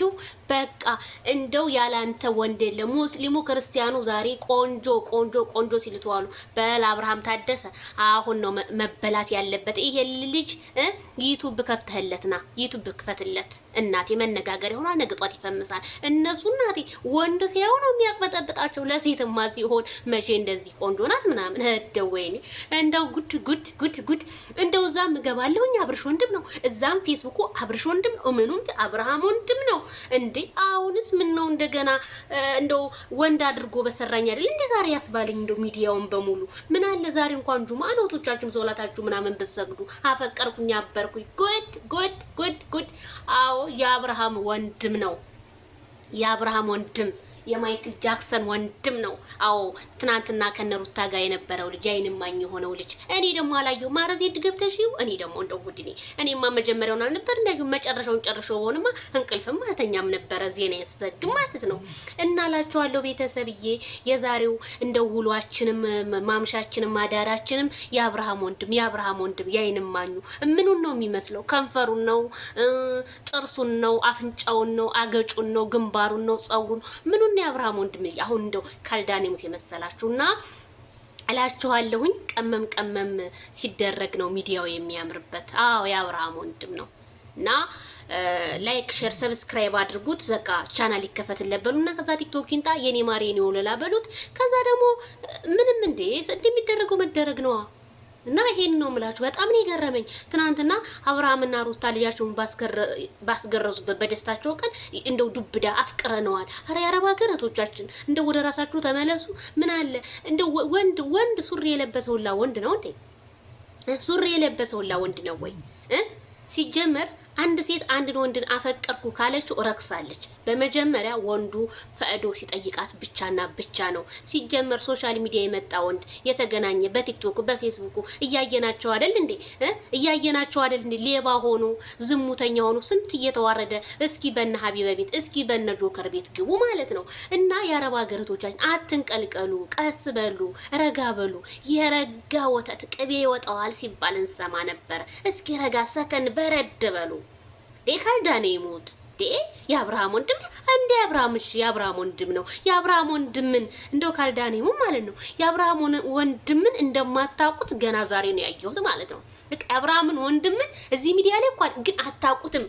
ካላችሁ በቃ እንደው ያላንተ ወንድ የለም። ሙስሊሙ ክርስቲያኑ ዛሬ ቆንጆ ቆንጆ ቆንጆ ሲልተዋሉ በል አብርሃም ታደሰ አሁን ነው መበላት ያለበት። ይሄ ልጅ ዩቱብ ከፍተህለትና ዩቱብ ክፈትለት። እናቴ መነጋገር ይሆናል። ነገ ጧት ይፈምሳል። እነሱ እናቴ ወንድ ሲያዩ ነው የሚያቅበጠብጣቸው። ለሴትማ ሲሆን መቼ እንደዚህ ቆንጆ ናት ምናምን እንደው ወይኔ እንደው ጉድ ጉድ ጉድ ጉድ እንደው እዛም እገባለሁኝ አብርሽ ወንድም ነው። እዛም ፌስቡኩ አብርሽ ወንድም ነው። ምኑም አብርሃም ወንድም ነው እንዴ! አሁንስ ምን ነው እንደገና እንደው ወንድ አድርጎ በሰራኝ አይደል እንዴ ዛሬ ያስባለኝ። እንደው ሚዲያውን በሙሉ ምን አለ ዛሬ እንኳን ጁማ ነው፣ ኖቶቻችሁም ሶላታችሁ ምናምን ብትሰግዱ አፈቀርኩኝ አበርኩኝ። ጎድ ጎድ ጉድ ጉድ! አዎ የአብርሃም ወንድም ነው፣ የአብርሃም ወንድም የማይክል ጃክሰን ወንድም ነው። አዎ ትናንትና ከነሩታ ጋር የነበረው ልጅ ማኝ የሆነው ልጅ እኔ ደግሞ አላየው ማረዝ ድገብተሽ እኔ ደግሞ እንደ ጉድኔ እኔማ መጀመሪያውን አልነበር እንዳዩ መጨረሻውን ጨርሾ በሆንማ እንቅልፍም ማለተኛም ነበረ ዜና ያስዘግ ማለት ነው። እናላችኋለሁ ቤተሰብዬ የዛሬው እንደ ውሏችንም ማምሻችንም አዳራችንም የአብርሃም ወንድም የአብርሃም ወንድም ማኙ ምኑን ነው የሚመስለው? ከንፈሩን ነው ጥርሱን ነው አፍንጫውን ነው አገጩን ነው ግንባሩን ነው ጸጉሩን ምኑን የአብርሃም ወንድም አሁን እንደው ካልዳን የመሰላችሁ እና እላችኋለሁኝ። ቀመም ቀመም ሲደረግ ነው ሚዲያው የሚያምርበት። አዎ የአብርሃም ወንድም ነው። እና ላይክ ሼር ሰብስክራይብ አድርጉት። በቃ ቻናል ይከፈትለት በሉ እና ከዛ ቲክቶክ ይንጣ የኔ ማሬ ኔ ወለላ በሉት። ከዛ ደግሞ ምንም እንዴ እንደሚደረገው መደረግ ነዋ። እና ይሄን ነው የምላችሁ። በጣም ነው የገረመኝ። ትናንትና አብርሃምና ሩታ ልጃቸውን ባስገረዙበት በደስታቸው ቀን እንደው ዱብዳ አፍቅረነዋል። አረ የአረብ ሀገር እህቶቻችን እንደው ወደ ራሳችሁ ተመለሱ። ምን አለ እንደው ወንድ ወንድ ሱሪ የለበሰውላ ወንድ ነው እንዴ? ሱሪ የለበሰውላ ወንድ ነው ወይ ሲጀመር አንድ ሴት አንድን ወንድን አፈቀርኩ ካለች ረክሳለች። በመጀመሪያ ወንዱ ፈዕዶ ሲጠይቃት ብቻና ብቻ ነው። ሲጀመር ሶሻል ሚዲያ የመጣ ወንድ የተገናኘ በቲክቶክ በፌስቡኩ እያየናቸው አደል እንዴ? እያየናቸው አደል እንዴ? ሌባ ሆኖ ዝሙተኛ ሆኖ ስንት እየተዋረደ እስኪ በነ ሀቢበ ቤት እስኪ በነ ጆከር ቤት ግቡ ማለት ነው። እና የአረብ ሀገርቶቻችን አትንቀልቀሉ፣ ቀስ በሉ፣ ረጋ በሉ። የረጋ ወተት ቅቤ ይወጣዋል ሲባል እንሰማ ነበር። እስኪ ረጋ ሰከን በረድ በሉ። ካልዳኔ ይሞት የአብርሃም ወንድም እንደ አብርሃም እሺ፣ የአብርሃም ወንድም ነው። የአብርሃም ወንድምን እንደው ይሞት ማለት ነው። የአብርሃም ወንድምን እንደማታውቁት ገና ዛሬ ነው ያየሁት ማለት ነው። በቃ የአብርሃምን ወንድምን እዚህ ሚዲያ ላይ እንኳን ግን አታውቁትም።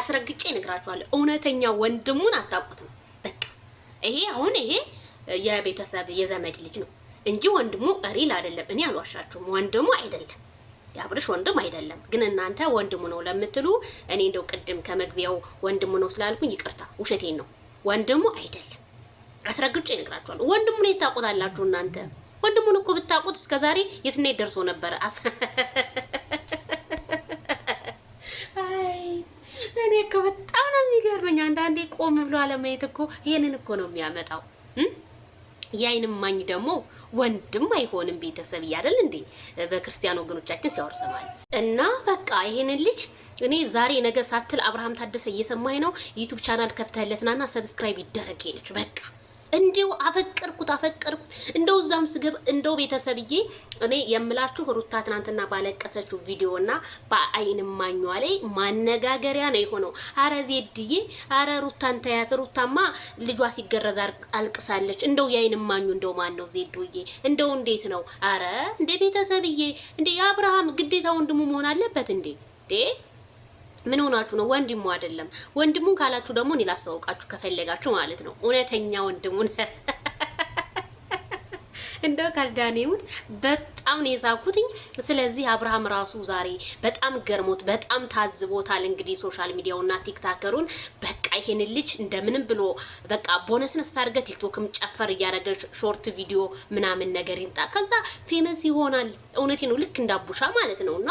አስረግጬ እነግራችኋለሁ። እውነተኛ ወንድሙን አታውቁትም። በቃ ይሄ አሁን ይሄ የቤተሰብ የዘመድ ልጅ ነው እንጂ ወንድሙ ሪል አይደለም። እኔ አልዋሻችሁም፣ ወንድሙ አይደለም። የአብርሽ ወንድም አይደለም፣ ግን እናንተ ወንድሙ ነው ለምትሉ እኔ እንደው ቅድም ከመግቢያው ወንድሙ ነው ስላልኩኝ ይቅርታ፣ ውሸቴን ነው። ወንድሙ አይደለም፣ አስረግጬ እነግራችኋለሁ። ነው የታውቁታላችሁ እናንተ። ወንድሙን እኮ ብታውቁት እስከዛሬ የትና ደርሶ ነበረ። እኔ እኮ በጣም ነው የሚገርመኝ አንዳንዴ ቆም ብሎ አለማየት እኮ ይሄንን እኮ ነው የሚያመጣው። የአይን እማኝ ደግሞ ወንድም አይሆንም ቤተሰብ እያደል እንዴ በክርስቲያን ወገኖቻችን ሲያወርሰማል እና በቃ ይሄንን ልጅ እኔ ዛሬ ነገ ሳትል አብርሃም ታደሰ እየሰማኝ ነው ዩቱብ ቻናል ከፍተህለትናና ሰብስክራይብ ይደረግ ይለች በቃ እንዲው አፈቀርኩት አፈቀርኩት እዛም ስግብ እንደው ቤተሰብዬ እኔ የምላችሁ ሩታ ትናንትና ባለቀሰችው ቪዲዮና በአይን ማኟ ላይ ማነጋገሪያ ነው የሆነው። አረ ዜድዬ፣ አረ ሩታን ተያት፣ ሩታማ ልጇ ሲገረዝ አልቅሳለች። እንደው የአይን ማኙ እንደው ማን ነው ዜድዬ? እንደው እንዴት ነው? አረ እንደ ቤተሰብዬ እንደ የአብርሃም ግዴታ ወንድሙ መሆን አለበት እንዴ ዴ ምን ሆናችሁ ነው? ወንድሙ አይደለም። ወንድሙን ካላችሁ ደግሞ እኔ ላስተዋውቃችሁ ከፈለጋችሁ ማለት ነው እውነተኛ ወንድሙን እንደው ካልዳኔውት በጣም ነው የሳኩትኝ። ስለዚህ አብርሃም ራሱ ዛሬ በጣም ገርሞት በጣም ታዝቦታል። እንግዲህ ሶሻል ሚዲያውና ቲክታከሩን በቃ ይሄን ልጅ እንደምንም ብሎ በቃ ቦነስን ስታርገ ቲክቶክም ጨፈር እያደረገ ሾርት ቪዲዮ ምናምን ነገር ይምጣ፣ ከዛ ፌመስ ይሆናል። እውነቴ ነው ልክ እንዳቡሻ ማለት ነው እና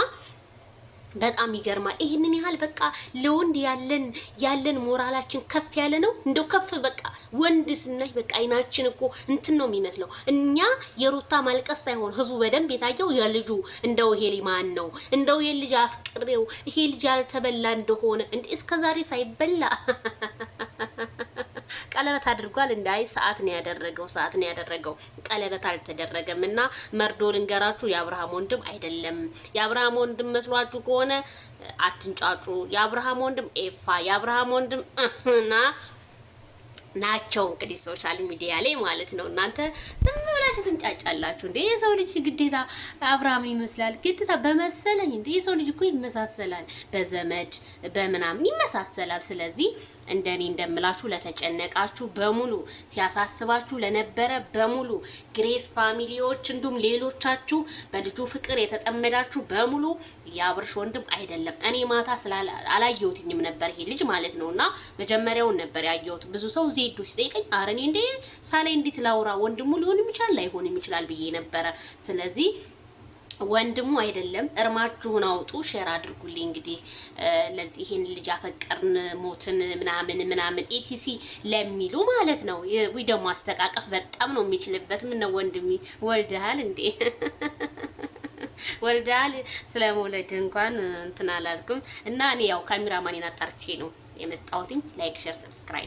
በጣም ይገርማል። ይህንን ያህል በቃ ለወንድ ያለን ያለን ሞራላችን ከፍ ያለ ነው። እንደው ከፍ በቃ ወንድ ስናይ በቃ አይናችን እኮ እንትን ነው የሚመስለው። እኛ የሩታ ማልቀስ ሳይሆን ህዝቡ በደንብ የታየው የልጁ እንደው ይሄ ማን ነው እንደው ይሄ ልጅ አፍቅሬው ይሄ ልጅ ያልተበላ እንደሆነ እስከዛሬ ሳይበላ ቀለበት አድርጓል። እንዳይ ሰዓት ነው ያደረገው፣ ሰዓት ነው ያደረገው፣ ቀለበት አልተደረገም። እና መርዶ ልንገራችሁ፣ የአብርሃም ወንድም አይደለም። የአብርሃም ወንድም መስሏችሁ ከሆነ አትንጫጩ። የአብርሃም ወንድም ኤፋ፣ የአብርሃም ወንድም እና ናቸው እንግዲህ ሶሻል ሚዲያ ላይ ማለት ነው። እናንተ ዝም ብላችሁ ትንጫጫላችሁ እንዴ? የሰው ልጅ ግዴታ አብርሃምን ይመስላል ግዴታ በመሰለኝ እንዴ? የሰው ልጅ እኮ ይመሳሰላል፣ በዘመድ በምናምን ይመሳሰላል። ስለዚህ እንደኔ እንደምላችሁ ለተጨነቃችሁ በሙሉ ሲያሳስባችሁ ለነበረ በሙሉ ግሬስ ፋሚሊዎች፣ እንዲሁም ሌሎቻችሁ በልጁ ፍቅር የተጠመዳችሁ በሙሉ የአብርሽ ወንድም አይደለም። እኔ ማታ አላየሁትኝም ነበር ይሄ ልጅ ማለት ነው። እና መጀመሪያውን ነበር ያየሁት። ብዙ ሰው ሄዱ ሲጠይቀኝ አረኔ እንዴ ሳላይ እንዴት ላውራ ወንድሙ ሊሆን ይችላል ላይሆንም ይችላል ብዬ ነበረ። ስለዚህ ወንድሙ አይደለም። እርማችሁን አውጡ፣ ሼር አድርጉልኝ። እንግዲህ ለዚህ ይሄን ልጅ አፈቀርን ሞትን ምናምን ምናምን ኤቲሲ ለሚሉ ማለት ነው። ወይ ደግሞ አስተቃቀፍ በጣም ነው የሚችልበት። ምን ነው ወንድሜ ወልደሃል እንዴ? ወልደሃል ስለ መውለድ እንኳን እንትን አላልኩም። እና እኔ ያው ካሜራማኔን አጣርቼ ነው የመጣሁትኝ። ላይክ ሼር ሰብስክራይብ